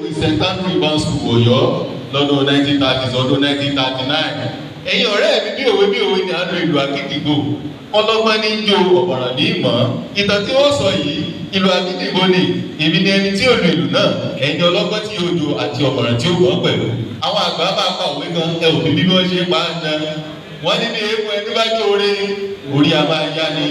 orí st andrew ibans school ọ̀yọ́ lọ́dún nineteen thirty ọdún nineteen thirty nine ẹ̀yin ọ̀rẹ́ mi bí òwe bí òwe ni àánú ìlú akídìgbò ọlọ́gbọ́n ní jó ọ̀bọ̀ràn ní ìmọ̀ ìtàn tí ó sọ yìí ìlú akídìgbò ni èmi ni ẹni tí ò lu ìlú náà ẹ̀yin ọlọ́gbọ́n tí yóò jó àti ọ̀bọ̀ràn tí ó gbọ́ pẹ̀lú àwọn àgbà máa pa òwe kan ẹ òbí bí wọ́n ṣe pa á na wọ́n ní bí ewu ẹni bá jó orí orí a máa yá ni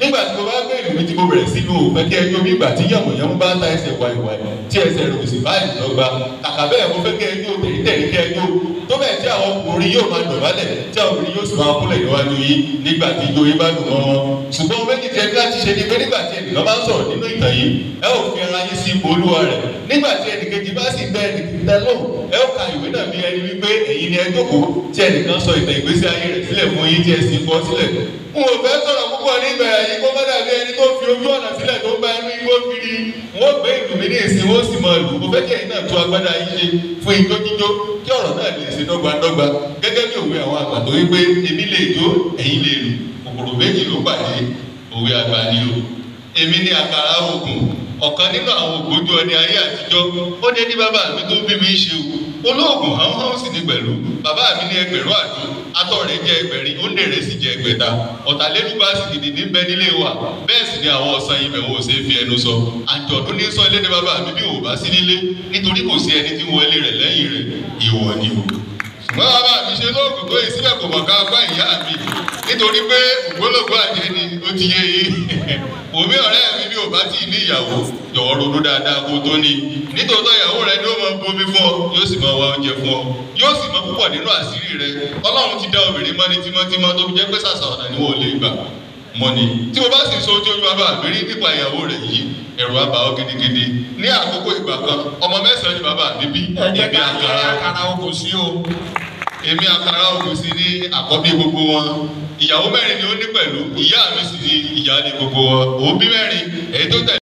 nígbà tí mo bá gbé ìlú mi tí mo bẹ̀rẹ̀ sínú òfẹ́ kí ẹjọ́ mi gbà tí yàmùyàmù bá ta ẹsẹ̀ wáìwáì tí ẹsẹ̀ rò sì báyìí lọ́gba kàkà bẹ́ẹ̀ mo fẹ́ kẹ́ ẹ yóò tẹ̀lé tẹ̀lé kẹ́ ẹ yóò tó bẹ́ẹ̀ tí àwọn ọkùnrin yóò máa dọ̀bálẹ̀ tí àwọn obìnrin yóò sì máa kúnlẹ̀ níwájú yìí nígbà tí ijó yín bá dùn mọ́ wọn. ṣùgbọ́n méjì tí ẹni láti ṣe ni pé nígbà tí ẹnìkan bá ń sọ̀rọ̀ nínú ìtàn yìí ẹ ò fi ara yín sí ipò olúwa rẹ̀ nígbà tí ẹnìkejì bá sì bẹ ẹnìkejì lóhùn ẹ ó ka ìwé náà bí ẹni wípé èyí ni ẹ jókòó tí ẹnìkan sọ ìtàn ìgbésí ayé rẹ̀ sílẹ̀ fún yín tí ẹ sì fọ́ sílẹ̀. n fẹ́ sọ̀rọ̀ púpọ̀ nígbà wọ́n gbé ìlú mi ní èsì wọ́n sì máa lù mo fẹ́ kí ẹ̀yin náà tó agbádá yín ṣe fún ijó jíjó kí ọ̀rọ̀ náà lè ṣe dọ́gbadọ́gba gẹ́gẹ́ bí òwe àwọn àgbà tó wípé èmi lè jó ẹ̀yin lè lù kòkòrò méjì ló pàdé òwe àgbà ni o èmi ní àkàrà ògùn ọ̀kan nínú àwọn ògbójú ọni ayé àtijọ́ ó olóògùn hánhán sì ní pẹ̀lú bàbá mi ní ẹgbẹ̀rún àdó atọ́ rẹ̀ jẹ́ ẹgbẹ̀rin òǹdè rẹ̀ sì jẹ́ ẹgbẹ̀ta ọ̀tàlélúgba sì gidi níbẹ̀ nílé wa bẹ́ẹ̀ sì ni àwọn ọ̀sán ibẹ̀ wo ṣe fi ẹnu sọ àjọ̀dún ní sọ ilé ní bàbá mi bí òbá sí nílé nítorí kò sí ẹni tí wọlé rẹ̀ lẹ́yìn rẹ̀ ìwọ ni bàbá mi ṣe lóògùn tó yìí sílẹ̀ kò mọ̀ ká bá ìyá mi nítorí pé ògbólógbò àjẹ́ ni ó ti yé yìí òmí ọ̀rẹ́ mi bí ò bá tí ì ní ìyàwó jọ̀wọ́ ronú dáadáa kó tó ní nítòótọ́ ìyàwó rẹ ni ó máa bomi fún ọ yóò sì máa wá oúnjẹ fún ọ yóò sì máa púpọ̀ nínú àṣírí rẹ ọlọ́run ti dá obìnrin mọ́ ní tímọ́tímọ́ tó fi jẹ́ pé sàṣà ọ̀nà ni wọ́n ò lè gbà mọ́ ni tí mo bá sì sọ ojú bàbá mi nípa ìyàwó rẹ yìí ẹ̀rù àbá ọ gidigidi ní àkókò ìgbà kan ọmọ mẹ́sàn-án ni bàbá mi bí èmi àkàrà òkú sí o èmi àkàrà òkú sí ní àkọ́bí gbogbo wọn ìyàwó mẹ́rin ni ó ní pẹ̀lú ìyá mi sì ni ìyá ni gbogbo wọn òbí mẹ́rin èyí tó tẹ̀.